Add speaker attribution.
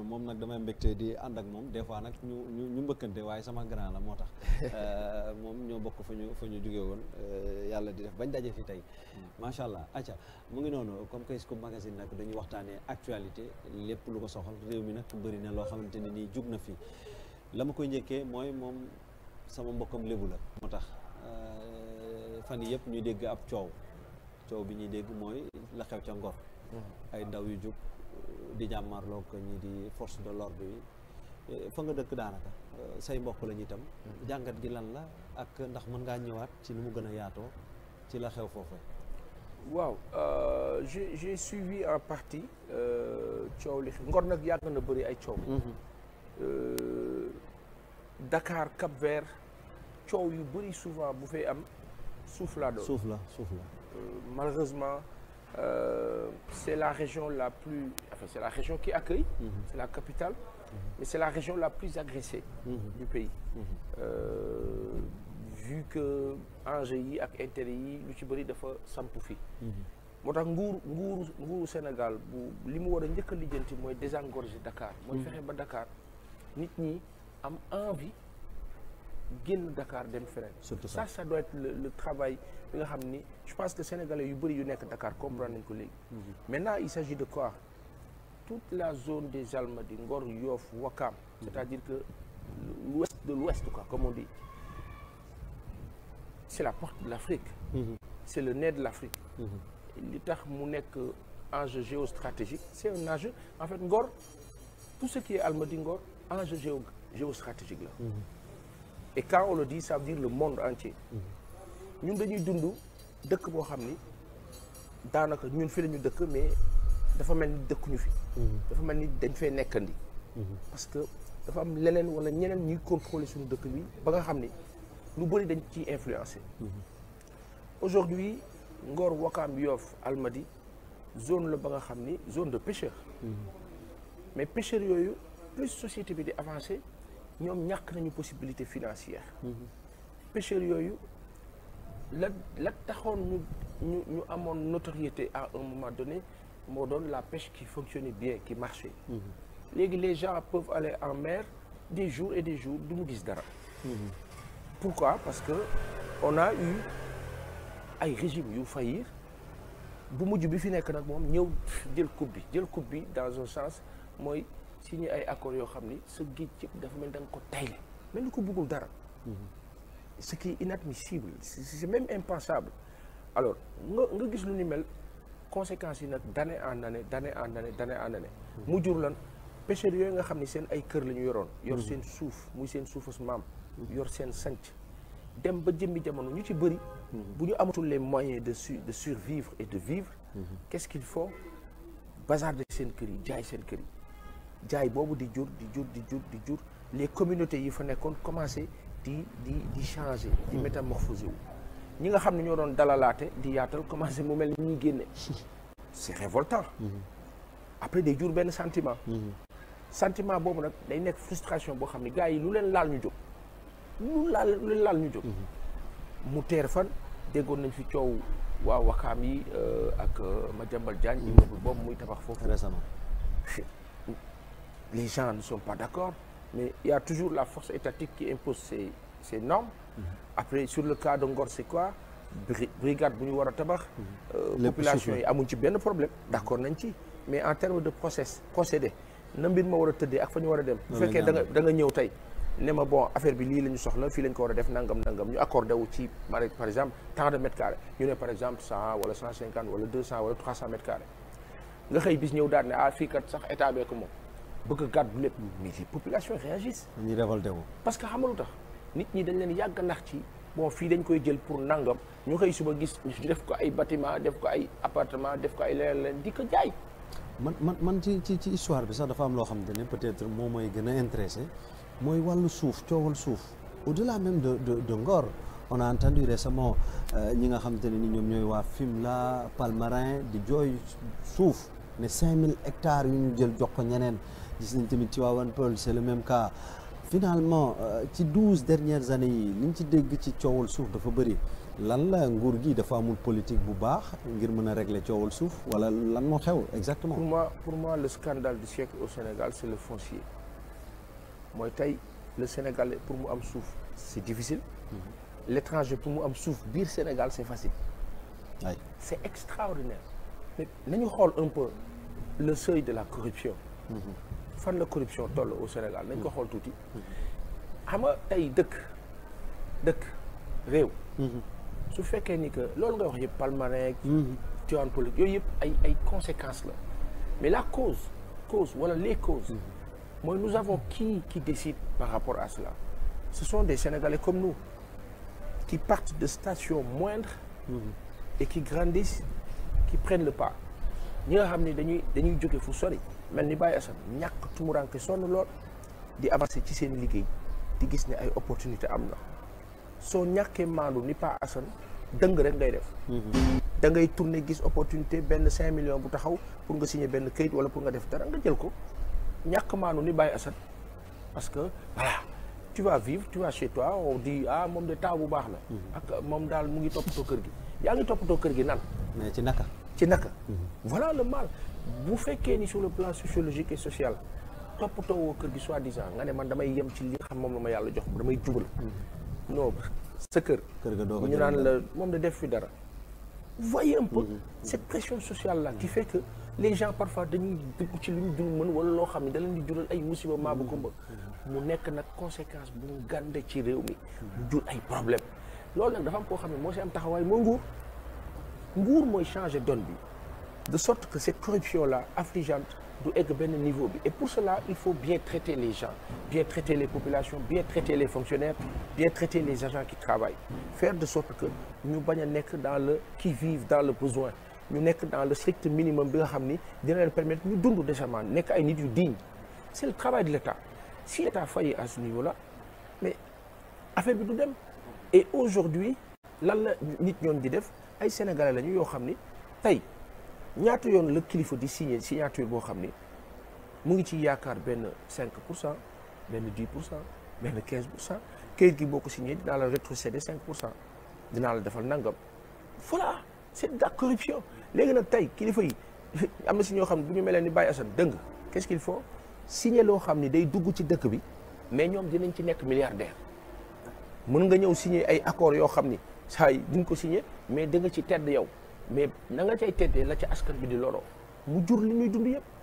Speaker 1: moom nag damay mbégte di ànd ak moom des fois nag ñu ñu ñu mbëkkante waaye sama grand la moo tax euh, moom ñoo bokk fa ñu fa ñu jóge woon euh, yàlla di def bañ daje fi tey hmm. macha allah acca mu ngi noonu comme que Scoop Magazine nag dañuy waxtaanee actualité lépp lu ko soxal réew mi nag bëri na loo xamante ne nii jug na fi la ma koy njëkkee mooy moom sama mbokkam lébu la moo tax euh, fan yëpp ñuy dégg ab coow coow bi ñuy dégg mooy la xew ca Ngor hmm. ay ndaw yu jug di jàmmarloog ñi di force de l'ordre yi eh, fa nga dëkk daanaka eh, say mbokk la ñu itam mm-hmm. jàngat gi lan la ak ndax mën ngaa ñëwaat ci lu mu gën a yaatoo ci la xew foofu waaw
Speaker 2: euh, j'ai j'ai suivi en partie euh, coow li Ngor nag yàgg na bëri ay coow mm-hmm. euh, Dakar Cap Vert coow yu bëri souvent bu fay am suuf laa doon suuf la suuf la malheureusement Euh, c'est la région la plus enfin c'est la région qui accueille mhm. c'est la capital mm mais c'est la région la plus agressée mm -hmm. du pays mhm. euh, vu que enjeu yi ak intérêt yi lu ci bëri dafa sampu fi mhm. moo tax nguur nguuru nguuru Sénégal bu li mu war a njëkk a lijjanti mooy désengorger Dakar mooy fexe ba Dakar nit ñi am envie génn Dakar dem feneen. surtout ça ça doit être le travail bi nga xam ni je pense que sénégalais yu bëri yu nekk Dakar comprendre nañ ko léegi. Mhm. maintenant il s'agit de quoi toute la zone des Almadies Ngor Yoff Wakam. Mhm. c'est-à-dire que l'ouest de l'ouest comme on dit c'est la porte de l'Afrique. Mhm. c'est le nez de l'Afrique. li tax mu nekk enjeu géostratégique c'est un enjeu en fait Ngor tout ce qui est Almadies Ngor enjeu géo géostratégique la. et quand on le dit ça veut dire le monde entier ñun dañuy dund dëkk boo xam ni daanaka ñun fi lañu dëkk mais dafa mel ni dëkkuñu fi dafa mel ni dañ fay nekkandi parce que dafa am leneen wala ñeneen ñuy contrôler suñu dëkk bi ba nga xam ni lu bëri dañ ciy influencé aujourd'hui Ngor Wakaam Yoff Almadi zone la ba nga xam ni zone de pêcheur mais pêcheurs yooyu plus société bi di avancé ñoom ñàkk nañu possibilité financière mhm. pêcheurs yooyu la la taxoon ñu ñu ñu amoon notoriété à un moment donné moo doon la pêche qui fonctionnait bien qui marché mhm. léegi les gens peuvent aller en maire des jours et des jours duñu gis dara mhm. pourquoi parce que on a eu ay régime yu faillir bu mujj bi fi nekk nag moom ñëw jël coupe bi jël coupe bi dans un sens mooy signé ay accords yoo xam ni sa géej ci dafa mañ da ko tayle mel ni ko buggul dara mhm. ce qui est inadmissible c'est même impensable alors nga nga gis lu ni mel conséquences yi nag d'année en année d'année en année d'année en mhm. mu jur lan pêcheurs yooyu nga xam ni seen ay kër lañu yoroon yor mhm. seen suuf muy seen suuf suufus maam yor seen sanc dem ba jëmmi jamono ñu ci bëri bu ñu amatul les moyens de su de survivre et de vivre qu'est-ce qu'il faut bazarder seen kër yi jaay seen kër yi jaay boobu di jur di jur di jur di jur les communautés yi fa nekkoon commencé di di di changer di hmm. métamorphosé wu ñi nga xam ne ñoo doon dalalaate di yaatal commencé mu mel ni ñuy génne c'est révoltant hmm. après day jur benn sentiment hmm. sentiment boobu nag day nekk frustration boo xam ne gars yi lu leen laal ñu jóg lu laal lu leen laal ñu jóg mu teer fan déggoon nañ fi coow waa wakaam yi euh, ak ma euh, Madiambal Diagne immeuble boobu muy tabax foofu récemment les gens ne sont pas d'accord, mais il toujours la force étatique qui impose ses, ses normes. Mm -hmm. Après, sur le cas de Ngor, c'est Brigade bu ñu war a tabax. Mhm. Euh, population yi amuñ ci benn problème d'accord nañ ci. mais en terme de process procédé na mbir ma war tëddee ak fa ñu war a dem. bu fekkee da nga da nga ñëw tey. ne ma bon affaire bi lii la ñu soxla fii la ñu ko war a def nangam nangam ñu accordé wu ci par exemple tant de mètres carrés ñu ne par exemple cent wala cent cinquante wala deux cent wala trois cent ñëw daal ne ah, fii kat sax état bee ko bëgg a gàddu lépp mais si population yi réagissent. ñu révolté wu. parce que xamalu tax nit ñi dañ leen yàgg nax ci bon fii dañ koy jël pour nangam ñu xëy suba gis ñu def ko ay bâtiment def ko ay appartement def ko ay leneen leen di ko jaay.
Speaker 1: man man man ci ci ci histoire bi sax dafa am loo xamante ne peut-être moom mooy gën a intéressé mooy wàllu suuf coowal suuf au-delà même de de de Ngor on a entendu récemment euh, ñi nga xamante ne ni ñoom ñooy waa Fimela Palmarin di jooy suuf ne 5000 hectares yu ñu jël jox ko ñeneen. gis nañ tamit Tivaouane Peulh c'est le même cas finalement euh, ci douze dernière années yi liñ ci dégg ci coowal suuf dafa bëri lan la nguur gi dafa amul politique bu baax ngir mën a régler coowal suuf wala lan moo xew exactement. pour moi pour moi le scandale du siècle au Sénégal c'est le
Speaker 2: foncier mooy tey le Sénégalais pour mu am suuf c'est difficile. Mhm. l'étranger pour mu am suuf biir Sénégal c'est facile. oui c'est extraordinaire mais nañu xool un peu le seuil de la corruption. Mhm. fan la corruption toll au Sénégal nañ ko mm. xool tuuti xam nga tey dëkk dëkk réew mm-hmm. su fekkee ni que loolu nga wax yëpp palmarin mm-hmm. tuan politique yooyu yëpp ay ay conséquences la mais la cause cause wala les causes mm-hmm. mooy nous avons qui qui décide par rapport à cela ce sont des Sénégalais comme nous qui partent de station moindres et qui grandissent qui prennent le pas ñi nga xam ne dañuy dañuy jóge fu mel ni Baye Assane ñàkk tumuranke sonn lool di avancer ci seen liggéey di gis ne ay opportunité am na soo ñàkkee maandu ni Pa Assane dëng rek ngay def mhm. da ngay tourner gis opportunité benn cinq millions bu taxaw pour nga signer benn kayit wala pour nga def dara nga jël ko ñàkk maandu ni Baye Assane parce que voilà tu vas vivre tu vas chez toi on dit ah moom de temps bu baax la mhm. ak moom daal mu ngi toppatoo kër gi yaa ngi toppatoo kër gi nan mais ci naka ci naka mm-hmm. voilà le mal bu fekkee ni sur le plan sociologique et social toppatoo kër gi soi-disant nga ne man damay yem ci li xam moom la ma yàlla jox damay jubal mm-hmm. non
Speaker 1: sa kër ñu naan la
Speaker 2: moom da def fi dara voyez un peu mm-hmm. cette pression social là ki fekk que les gens parfois dañuy dugg ci lu ñu dul mën wala loo xam ne da leen di jural ay musiba maa bu kumba mu nekk nag conséquence bu mu ci réew mi mu jur ay problème loolu nag dafa am koo xam ne moo si am taxawaay moo nguur nguur mooy change donne bi de sorte que cette corruption là affligeante du egg benn niveau bi et pour cela il faut bien traiter les gens bien traiter les populations bien traiter les fonctionnaires bien traiter les agents qui travaillent faire de sorte que ñu baña nekk dans le qui vive dans le besoin ñu nekk dans le strict minimum bi nga xam ni dina leen permettre ñu dund décemment nekk ay nit yu digne c'est le travail de l'État si l'État faillit à ce niveau là mais affaire bi du dem et aujourd'hui lan la nit ñoon di def ay sénégalais lañu yoo xam ni tey ñaata yoon la kilifa di signé signature boo xam ni mu ngi ci yaakaar benn cinq pour cent benn 10 pour cent benn 15 pour cent këyit gi boo ko signé dinaa la rétrocéder 5 pour cent dinaa la defal nangam voilà c' est de la corruption léegi nag tey kilifa yi am na si ñoo xam ne bu ñu meleen ni Baye Assane dëng qu' est ce qu' faut signé loo xam ni day dugg ci dëkk bi mais ñoom dinañ ci nekk milliardaire mën nga ñëw signé ay accords yoo xam ni saa yi ko si ko mais da nga ci tedd yow mais na nga cay teddee la ca askan bi di loroo mu jur li muy dund yëpp